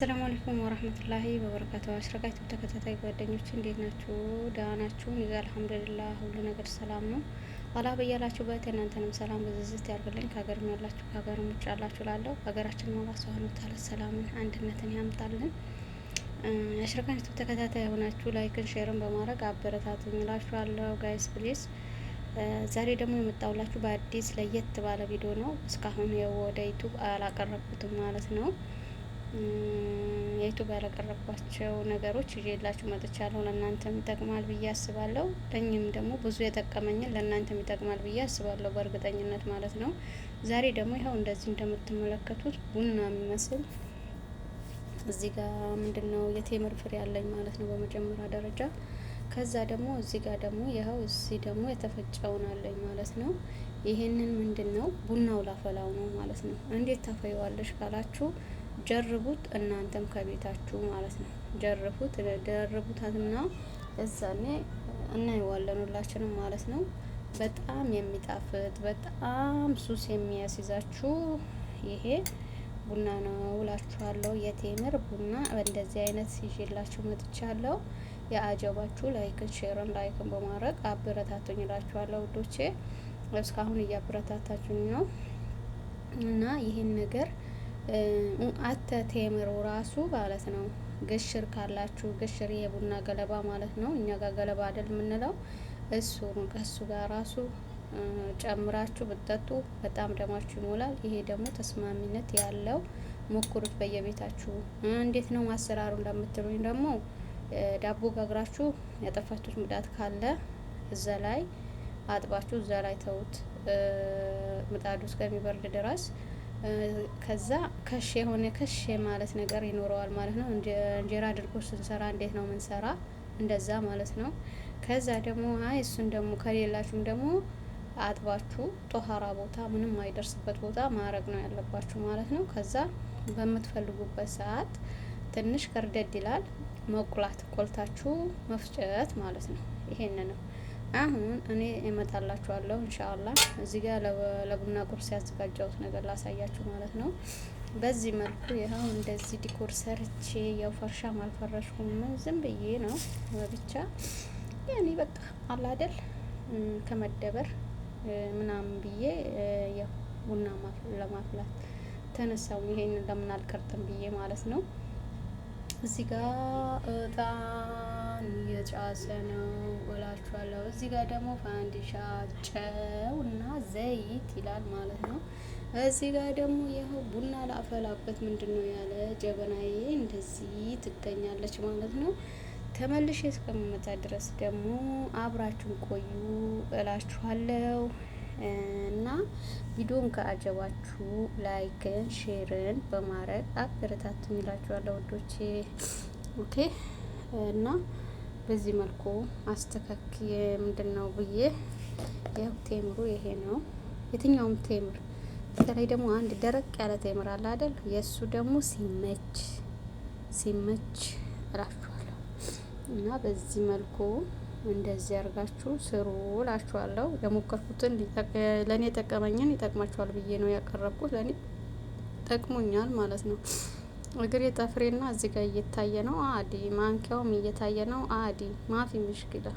አሰላሙ አለይኩም ወረህመቱላሂ ወበረካቱ። አሽረጋችሁ ተከታታይ ጓደኞች እንዴት ናችሁ? ደህና ናችሁ? እኔ ጋር አልሐምዱሊላህ ሁሉ ነገር ሰላም ነው። አላህ በያላችሁበት እናንተንም ሰላም ብዝዝት ያርግልኝ። ከሀገርም ያላችሁ ከሀገርም ውጭ ያላችሁ ላለው ሀገራችን አላህ ሱብሓነሁ ወተዓላ ሰላምን አንድነትን ያምጣልን። አሽረጋችሁ ተከታታይ የሆናችሁ ላይክን ሼርን በማድረግ አበረታት እላችኋለሁ። ጋይስ ፕሊዝ ዛሬ ደግሞ የመጣሁላችሁ በአዲስ ለየት ባለ ቪዲዮ ነው። እስካሁን ወደ ዩቱብ አላቀረብኩትም ማለት ነው የዩቱብ ያለቀረብኳቸው ነገሮች ይዤላችሁ መጥቻለሁ። ለእናንተም ይጠቅማል ብዬ አስባለሁ። ለእኝም ደግሞ ብዙ የጠቀመኝን ለእናንተም ይጠቅማል ብዬ አስባለሁ በእርግጠኝነት ማለት ነው። ዛሬ ደግሞ ይኸው እንደዚህ እንደምትመለከቱት ቡና የሚመስል እዚህ ጋር ምንድን ነው የቴምር ፍሬ ያለኝ ማለት ነው በመጀመሪያ ደረጃ ከዛ ደግሞ እዚህ ጋር ደግሞ ይኸው እዚህ ደግሞ የተፈጨውን አለኝ ማለት ነው። ይሄንን ምንድን ነው ቡናው ላፈላው ነው ማለት ነው። እንዴት ታፈየዋለሽ ካላችሁ ጀርቡት፣ እናንተም ከቤታችሁ ማለት ነው ጀርቡት። ደርቡታትና እዛኔ እናየዋለን ሁላችንም ማለት ነው። በጣም የሚጣፍጥ በጣም ሱስ የሚያስይዛችሁ ይሄ ቡና ነው እላችኋለሁ። የቴምር ቡና እንደዚህ አይነት ይዤላችሁ መጥቻለሁ። የአጀባችሁ ላይክን፣ ሼርን፣ ላይክን በማድረግ አበረታቱኝ እላችኋለሁ ውዶቼ። እስካሁን እያበረታታችሁኝ ነው እና ይህን ነገር አተ ቴምሮ ራሱ ማለት ነው። ግሽር ካላችሁ ግሽር የቡና ገለባ ማለት ነው። እኛ ጋር ገለባ አይደል የምንለው እሱ ከሱ ጋር ራሱ ጨምራችሁ ብጠጡ በጣም ደማችሁ ይሞላል። ይሄ ደግሞ ተስማሚነት ያለው ሞክሩት በየቤታችሁ። እንዴት ነው አሰራሩ እንደምትሉኝ ደግሞ ዳቦ ጋግራችሁ ያጠፋችሁት ምጣድ ካለ እዛ ላይ አጥባችሁ እዛ ላይ ተውት ምጣዱ እስከሚበርድ ድረስ ከዛ ከሽ የሆነ ከሽ ማለት ነገር ይኖረዋል ማለት ነው። እንጀራ አድርጎ ስንሰራ እንዴት ነው ምንሰራ? እንደዛ ማለት ነው። ከዛ ደግሞ አይ እሱን ደግሞ ከሌላችሁም ደግሞ አጥባችሁ ጦሃራ ቦታ ምንም አይደርስበት ቦታ ማረግ ነው ያለባችሁ ማለት ነው። ከዛ በምትፈልጉበት ሰዓት ትንሽ ከርደድ ይላል መቁላት ቆልታችሁ መፍጨት ማለት ነው። ይሄንን ነው አሁን እኔ እመጣላችኋለሁ እንሻአላ እዚህ ጋር ለቡና ቁርስ ያዘጋጀሁት ነገር ላሳያችሁ ማለት ነው። በዚህ መልኩ ይኸው እንደዚህ ዲኮር ሰርቼ ያው ፈርሻም አልፈረሽኩም ዝም ብዬ ነው ብቻ ያኔ በቃ አላደል ከመደበር ምናምን ብዬ ያው ቡና ለማፍላት ተነሳው። ይሄን ለምን አልቀርጥም ብዬ ማለት ነው እዚህ ጋር በጣም እየጫሰ ነው እላችኋለሁ። እዚህ ጋር ደግሞ ፋንዲሻ፣ ጨው እና ዘይት ይላል ማለት ነው። እዚህ ጋር ደግሞ ይኸው ቡና ላፈላበት ምንድን ነው ያለ ጀበናዬ እንደዚህ ትገኛለች ማለት ነው። ተመልሼ እስከምመጣ ድረስ ደግሞ አብራችሁን ቆዩ እላችኋለሁ እና ቪዲዮን ከአጀባችሁ ላይክን ሼርን በማድረግ አበረታቱኝ እላችኋለሁ ወዶቼ ኦኬ እና በዚህ መልኩ አስተካክ ምንድን ነው ብዬ ያው ቴምሩ ይሄ ነው። የትኛውም ቴምር በተለይ ደግሞ አንድ ደረቅ ያለ ቴምር አለ አይደል? የእሱ ደግሞ ሲመች ሲመች እላችኋለሁ። እና በዚህ መልኩ እንደዚህ አድርጋችሁ ስሩ እላችኋለሁ። የሞከርኩትን ለእኔ ጠቀመኝን ይጠቅማችኋል ብዬ ነው ያቀረብኩት። ለእኔ ጠቅሞኛል ማለት ነው። እግሬ ጠፍሬና እዚህ ጋር እየታየ ነው አዲ ማንኪያውም እየታየ ነው አዲ ማፊ ምሽኪላ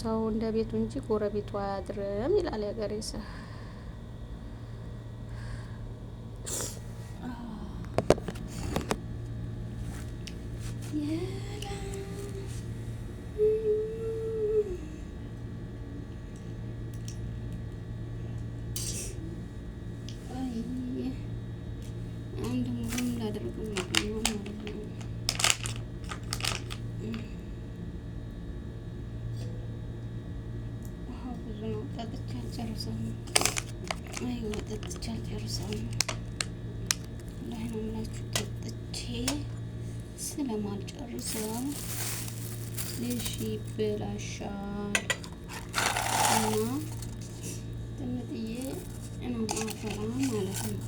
ሰው እንደ ቤቱ እንጂ ጎረቤቱ አያድርም ይላል ያገሬ ሰው። አልጨርሰውም። አይ ወጠጥቼ አልጨርሰውም። ላይ ነው የምላችሁ ጠጥቼ ስለማልጨርሰው ልሽ ይበላሻል እና ጥምጥዬ ነው ማፈራ ማለት ነው።